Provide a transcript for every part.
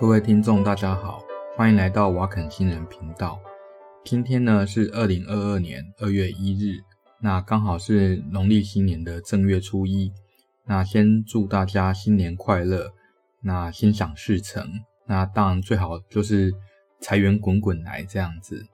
各位聽眾，大家好，歡迎來到瓦肯新人頻道。今天呢是二零二二年二月一日，那剛好是農曆新年的正月初一。那先祝大家新年快樂，那心想事成。那當然最好就是財源滾滾來這樣子。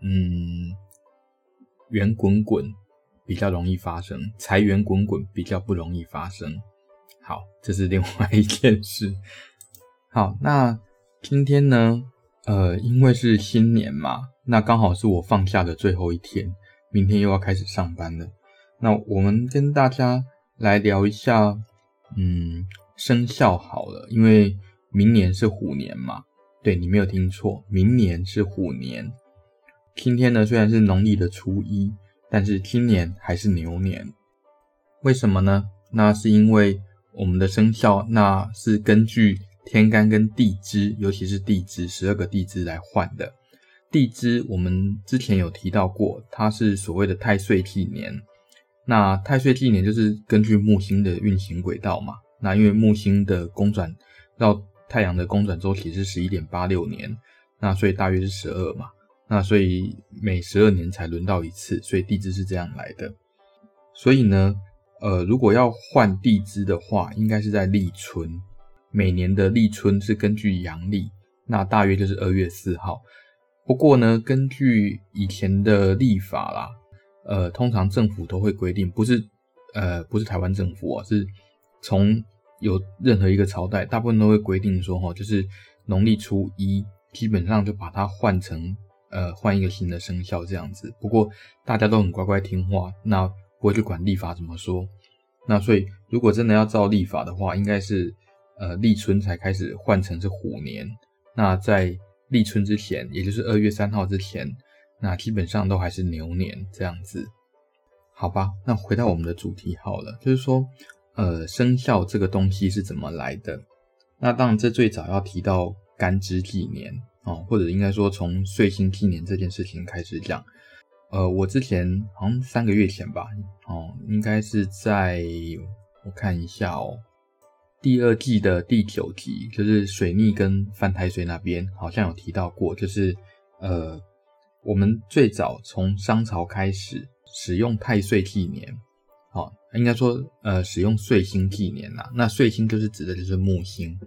嗯，圓滾滾比較容易發生，財源滾滾比較不容易發生。好，這是另外一件事。好，那今天呢，呃，因為是新年嘛，那剛好是我放假的最後一天，明天又要開始上班了。那我們跟大家來聊一下，嗯，生肖好了，因為明年是虎年嘛。對，你沒有聽錯，明年是虎年。今天呢，雖然是農曆的初一，但是今年還是牛年。為什麼呢？那是因為我們的生肖，那是根據，天干跟地支，尤其是地支十二個地支來換的。地支我們之前有提到過，它是所謂的太歲紀年。那太歲紀年就是根據木星的運行軌道嘛。那因為木星的公轉繞太陽的公轉週期是十一點八六年，那所以大約是十二嘛。那所以每十二年才輪到一次，所以地支是這樣來的。所以呢，呃，如果要換地支的話，應該是在立春。每年的立春是根據陽曆，那大約就是二月四號。不過呢，根據以前的曆法啦，呃，通常政府都會規定，不是呃，不是台灣政府啊，是從有任何一個朝代，大部分都會規定說，齁，就是農曆初一，基本上就把它換成呃，換一個新的生肖這樣子。不過大家都很乖乖聽話，那不會去管曆法怎麼說。那所以，如果真的要照曆法的話，應該是。呃，立春才開始換成是虎年，那在立春之前，也就是二月三號之前，那基本上都還是牛年這樣子，好吧？那回到我們的主題好了，就是說，呃，生肖這個東西是怎麼來的？那當然，這最早要提到干支紀年啊，或者應該說從歲星紀年這件事情開始講。呃，我之前好像三個月前吧，哦，應該是在，我看一下哦。第二季的第九集，就是水逆跟犯太歲那邊，好像有提到過，就是呃，我們最早從商朝開始使用太歲紀年，哦，應該說呃，使用歲星紀年啦。那歲星就是指的就是木星，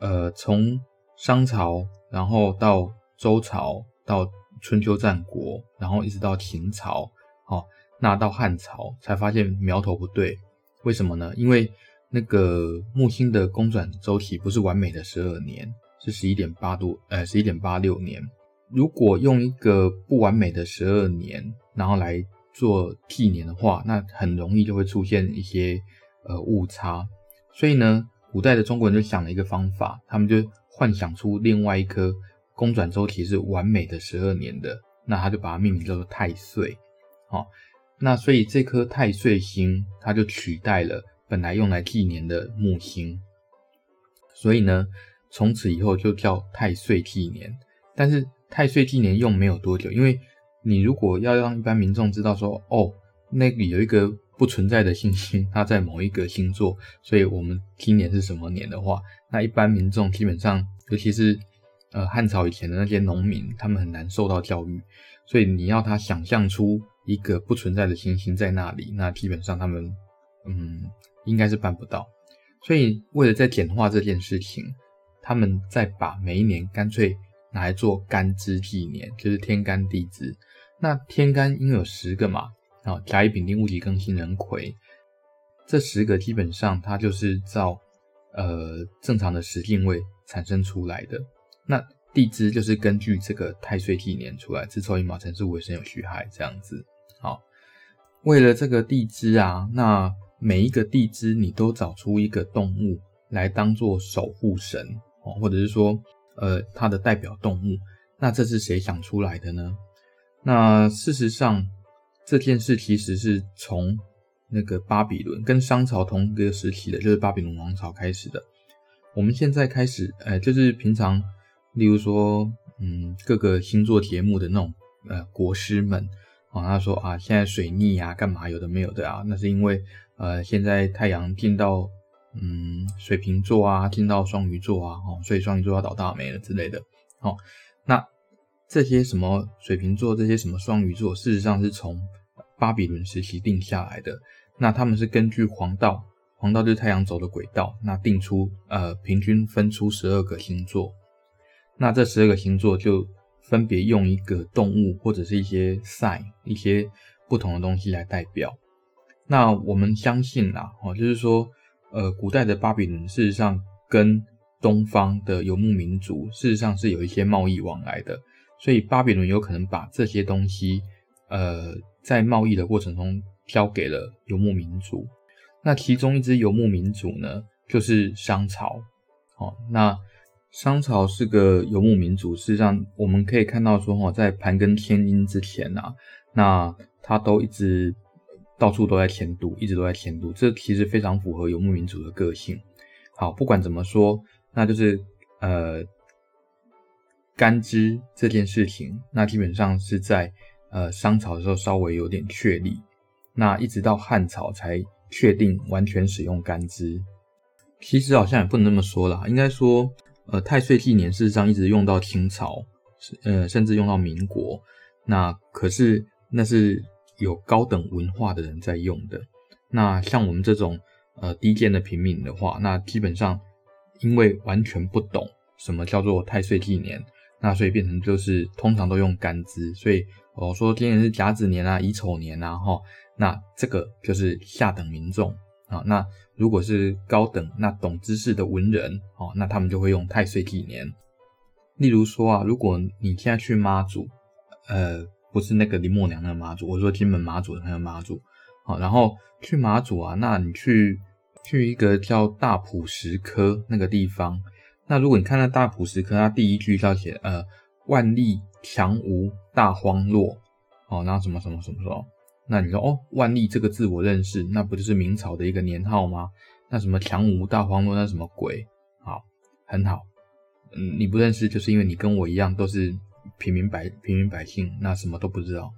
呃，從商朝，然後到周朝，到春秋戰國，然後一直到秦朝，哦，那到漢朝才發現苗頭不對，為什麼呢？因為那個木星的公轉週期不是完美的十二年，是十一點八度，呃，十一點八六年。如果用一個不完美的十二年，然後來做紀年的話，那很容易就會出現一些呃誤差。所以呢，古代的中國人就想了一個方法，他們就幻想出另外一顆公轉週期是完美的十二年的，那他就把它命名叫做太歲。好、哦，那所以這顆太歲星，它就取代了。本來用來紀年的木星，所以呢，從此以後就叫太歲紀年。但是太歲紀年用沒有多久，因為你如果要讓一般民眾知道說，哦，那裡有一個不存在的行星，它在某一個星座，所以我們今年是什麼年的話，那一般民眾基本上，尤其是呃漢朝以前的那些農民，他們很難受到教育，所以你要他想象出一個不存在的行星在那裡，那基本上他們嗯。應該是辦不到，所以為了再簡化這件事情，他們再把每一年乾脆拿來做干支紀年，就是天干地支。那天干因為有十個嘛，然後甲乙丙丁戊己庚辛壬癸，這十個基本上它就是照呃正常的十進位產生出來的。那地支就是根據這個太歲紀年出來，子丑寅卯辰巳午未申酉戌亥這樣子。好，為了這個地支啊，那每一個地支你都找出一個動物來當做守護神，或者是說，呃，它的代表動物。那這是誰想出來的呢？那事實上，這件事其實是從那個巴比倫跟商朝同一個時期的，就是巴比倫王朝開始的。我們現在開始，呃，就是平常，例如說，嗯，各個星座節目的那種，呃，國師們，啊，哦，他說啊，現在水逆啊，幹嘛有的沒有的啊，那是因為。呃，現在太陽進到嗯水瓶座啊，進到雙魚座啊，哦，所以雙魚座要倒大霉了之類的。好、哦，那這些什麼水瓶座，這些什麼雙魚座，事實上是從巴比倫時期定下來的。那他們是根據黃道，黃道就是太陽走的軌道，那定出呃平均分出十二個星座。那這十二個星座就分別用一個動物或者是一些賽一些不同的東西來代表。那我們相信啦、啊，就是說，呃，古代的巴比倫事實上跟東方的游牧民族事實上是有一些貿易往來的，所以巴比倫有可能把這些東西，呃，在貿易的過程中交給了游牧民族。那其中一支游牧民族呢，就是商朝，哦，那商朝是個游牧民族，事實上我們可以看到說，哦，在盤庚遷殷之前啊，那他都一直。到處都在遷都，一直都在遷都，這其實非常符合游牧民族的個性。好，不管怎麼說，那就是呃，干支這件事情，那基本上是在呃商朝的時候稍微有點確立，那一直到漢朝才確定完全使用干支。其實好像也不能那麼說啦，應該說呃太歲紀年事實上一直用到清朝，呃甚至用到民國。那可是那是。有高等文化的人在用的，那像我們這種呃低賤的平民的話，那基本上因為完全不懂什麼叫做太歲紀年，那所以變成就是通常都用干支。所以我、哦、說今年是甲子年啊，乙丑年啊哈、哦，那這個就是下等民眾啊、哦。那如果是高等那懂知識的文人啊、哦，那他們就會用太歲紀年。例如說啊，如果你現在去馬祖，呃。不是那個林默娘那個媽祖，我是說金門馬祖的那個馬祖，好，然後去馬祖啊，那你去去一個叫大埔石刻那個地方，那如果你看到大埔石刻，它第一句要寫呃萬曆強吳大荒落，哦，然後什,什麼什麼什麼什麼，那你說哦萬曆這個字我認識，那不就是明朝的一個年號嗎？那什麼強吳大荒落那什麼鬼？好，很好，嗯，你不認識就是因為你跟我一樣都是。平民百平民百姓，那什麼都不知道。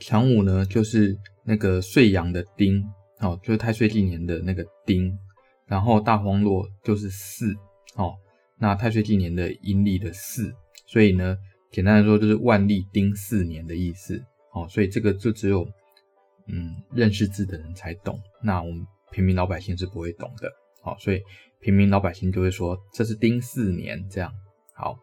強五呢就是那個歲陽的丁，哦，就是太歲紀年的那個丁，然後大荒落就是巳，哦，那太歲紀年的陰曆的巳，所以呢，簡單來說就是萬曆丁巳年的意思，哦，所以這個就只有嗯認識字的人才懂，那我們平民老百姓是不會懂的，哦，所以平民老百姓就會說這是丁巳年這樣，好。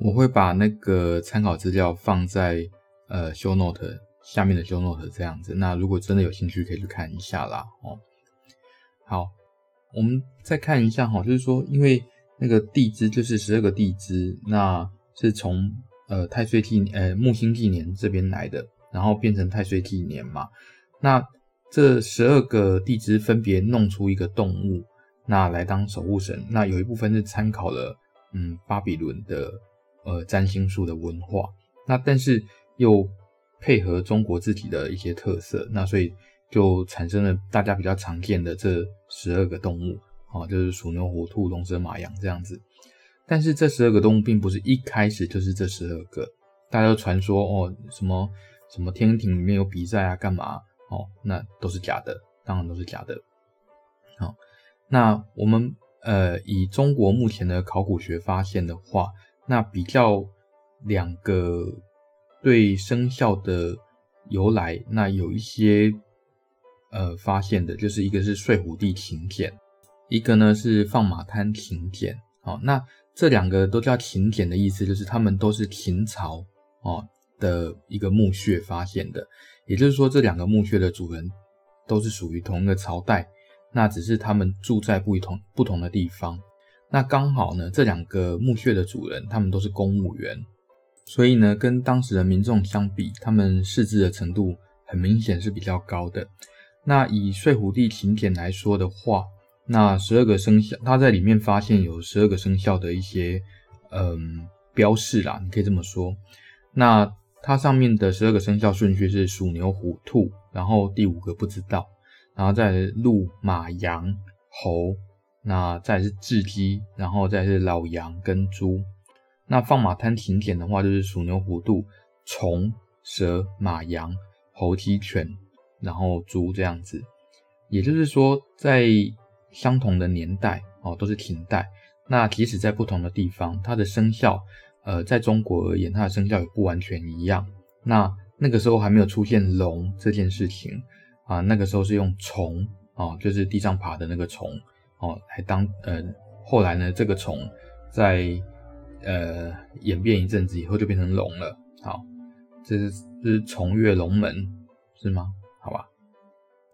我會把那個參考資料放在呃 show note 下面的 show note 這樣子。那如果真的有興趣，可以去看一下啦。哦，好，我們再看一下哈，就是說，因為那個地支就是十二個地支，那是從呃太歲紀呃木星紀年這邊來的，然後變成太歲紀年嘛。那這十二個地支分別弄出一個動物，那來當守護神。那有一部分是參考了嗯巴比倫的。呃，占星術的文化，那但是又配合中國自己的一些特色，那所以就產生了大家比較常見的這十二個動物，啊、哦，就是鼠牛虎兔龍蛇馬羊這樣子。但是這十二個動物並不是一開始就是這十二個，大家都傳說哦，什麼什麼天庭裡面有比賽啊，幹嘛、啊、哦，那都是假的，當然都是假的。好、哦，那我們呃以中國目前的考古學發現的話。那比較兩個對生肖的由來，那有一些呃發現的，就是一個是睡虎地秦簡，一個呢是放馬灘秦簡。好、哦，那這兩個都叫秦簡的意思，就是他們都是秦朝哦的一個墓穴發現的，也就是說，這兩個墓穴的主人都是屬於同一個朝代，那只是他們住在不同不同的地方。那剛好呢，這兩個墓穴的主人他們都是公務員，所以呢，跟當時的民眾相比，他們識字的程度很明顯是比較高的。那以睡虎地秦簡來說的話，那十二個生肖，他在裡面發現有十二個生肖的一些嗯、呃、標示啦，你可以這麼說。那它上面的十二個生肖順序是鼠、牛、虎、兔，然後第五個不知道，然後再鹿、馬、羊、猴。那再是雉雞，然後再是老羊跟豬。那放馬灘秦簡的話，就是鼠、牛、虎、兔、蟲、蛇、馬、羊、猴、雞、犬，然後豬這樣子。也就是說，在相同的年代哦，都是秦代。那即使在不同的地方，它的生肖，呃，在中國而言，它的生肖也不完全一樣。那那個時候還沒有出現龍這件事情啊，那個時候是用蟲啊，就是地上爬的那個蟲。哦，還當呃，後來呢，這個蟲在呃演變一陣子以後，就變成龍了。好，這是這是蟲躍龍門，是嗎？好吧，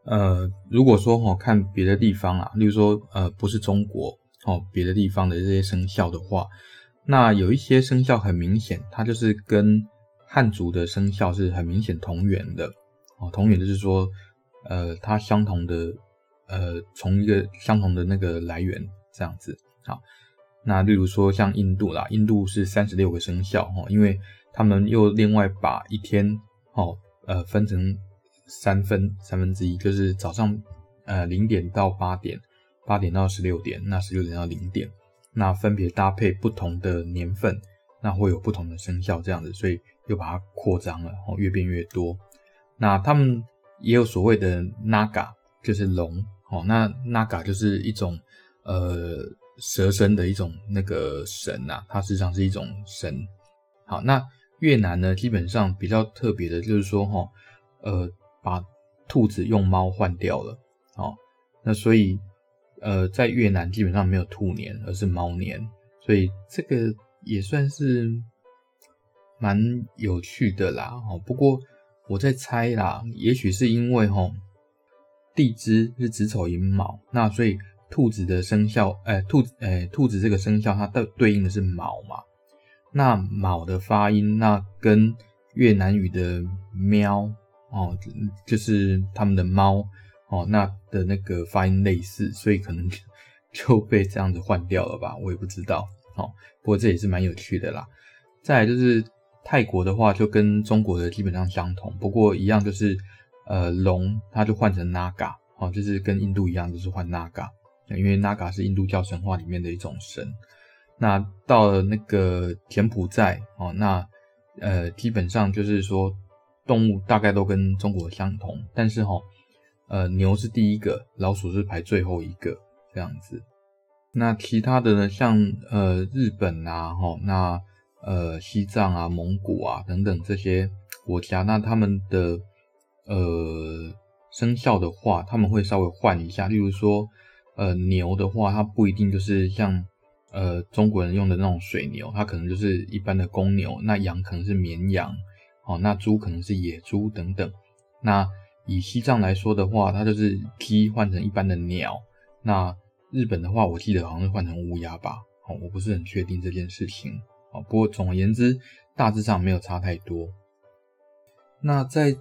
呃，如果說哦看別的地方啊，例如說呃不是中國哦，別、呃、的地方的這些生肖的話，那有一些生肖很明顯，它就是跟漢族的生肖是很明顯同源的。哦，同源就是說，呃，它相同的。呃，從一個相同的那個來源這樣子好，那例如說像印度啦，印度是三十六個生肖哦，因為他們又另外把一天哦呃，分成三分三分之一，就是早上呃零點到八點，八點到十六點，那十六點到零點，那分別搭配不同的年份，那會有不同的生肖這樣子，所以又把它擴張了，然後越變越多。那他們也有所謂的 Naga，就是龍。哦，那納嘎就是一種，呃，蛇身的一種那個神吶、啊，它實際上是一種神。好，那越南呢，基本上比較特別的就是說，齁，呃，把兔子用貓換掉了，好，那所以，呃，在越南基本上沒有兔年，而是貓年，所以這個也算是蠻有趣的啦。哦，不過我在猜啦，也許是因為齁。地支是子丑寅卯，那所以兔子的生肖，哎、欸，兔子，哎、欸，兔子這個生肖它對對應的是卯嘛？那卯的發音，那跟越南語的喵哦，就是他們的貓哦，那的那個發音類似，所以可能就被這樣子換掉了吧？我也不知道，哦，不過這也是蠻有趣的啦。再來就是泰國的話，就跟中國的基本上相同，不過一樣就是。呃，龍，它就換成 Naga 哦，就是跟印度一樣，就是換 Naga，嗯，因為 Naga 是印度教神話裡面的一種神。那到了那個柬埔寨，哦，那呃，基本上就是說動物大概都跟中國相同，但是哈，哦，呃，牛是第一個，老鼠是排最後一個這樣子。那其他的呢，像呃日本啊，哈，哦，那呃西藏啊、蒙古啊等等這些國家，那他們的。呃，生肖的話，他們會稍微換一下，例如說，呃，牛的話，它不一定就是像，呃，中國人用的那種水牛，它可能就是一般的公牛。那羊可能是綿羊，哦，那豬可能是野豬等等。那以西藏來說的話，它就是雞換成一般的鳥。那日本的話，我記得好像是換成烏鴉吧，哦，我不是很確定這件事情，哦，不過總而言之，大致上沒有差太多。那在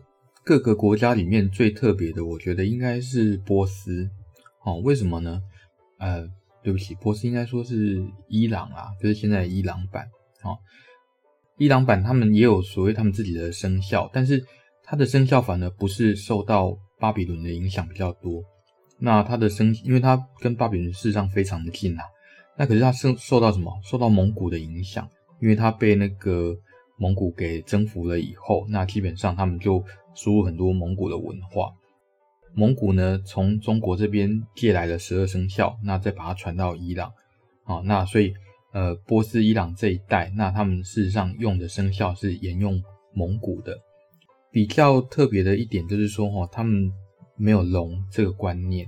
各個國家裡面最特別的，我覺得應該是波斯，哦，為什麼呢？呃，對不起，波斯應該說是伊朗啦，就是現在伊朗版，哦，伊朗版他們也有所謂他們自己的生肖，但是他的生肖反而不是受到巴比倫的影響比較多。那他的生，因為他跟巴比倫事實上非常的近啊，那可是他受受到什麼？受到蒙古的影響，因為他被那個。蒙古給征服了以後，那基本上他們就輸入很多蒙古的文化。蒙古呢，從中國這邊借來了十二生肖，那再把它傳到伊朗。啊，那所以呃，波斯伊朗這一帶，那他們事實上用的生肖是沿用蒙古的。比較特別的一點就是說，哦，他們沒有龍這個觀念。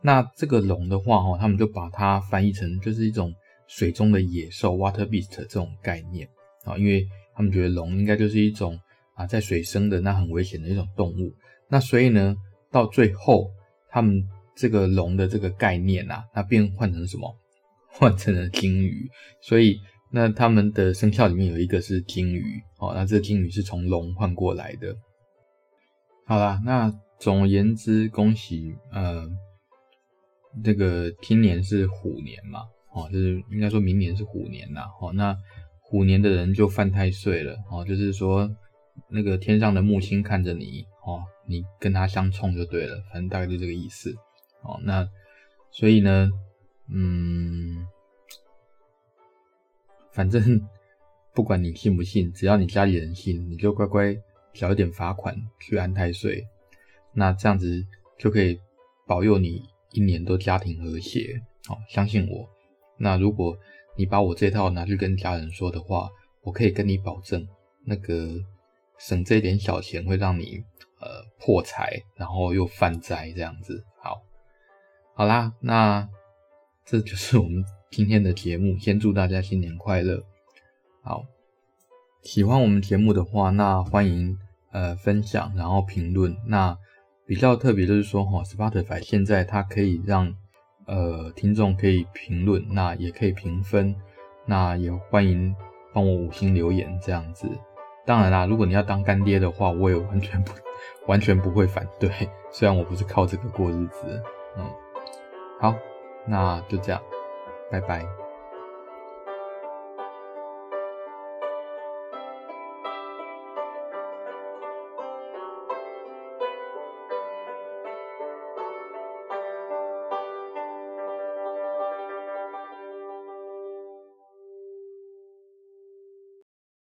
那這個龍的話，哦，他們就把它翻譯成就是一種水中的野獸 （water beast） 這種概念啊，哦，因為。他們覺得龍應該就是一種啊，在水生的那很危險的一種動物。那所以呢，到最後他們這個龍的這個概念啊，那變換成什麼？換成了金魚。所以那他們的生肖裡面有一個是金魚哦。那這個金魚是從龍換過來的。好了，那總而言之，恭喜呃，那個今年是虎年嘛？哦，就是應該說明年是虎年啦。哦，那。虎年的人就犯太歲了哦，就是說那個天上的木星看着你哦，你跟他相沖就對了，反正大概就這個意思哦。那所以呢，嗯，反正不管你信不信，只要你家裡人信，你就乖乖繳一點罰款去安太歲，那這樣子就可以保佑你一年都家庭和諧哦。相信我，那如果。你把我這套拿去跟家人說的話，我可以跟你保證，那個省這點小錢會讓你呃破財，然後又犯災這樣子。好，好啦，那這就是我們今天的節目。先祝大家新年快樂。好，喜歡我們節目的話，那歡迎呃分享，然後評論。那比較特別就是說齁，Spotify 現在它可以讓。呃，聽眾可以評論，那也可以評分，那也歡迎幫我五星留言這樣子。當然啦，如果你要當乾爹的話，我也完全不，完全不會反對，雖然我不是靠這個過日子。嗯，好，那就這樣，拜拜。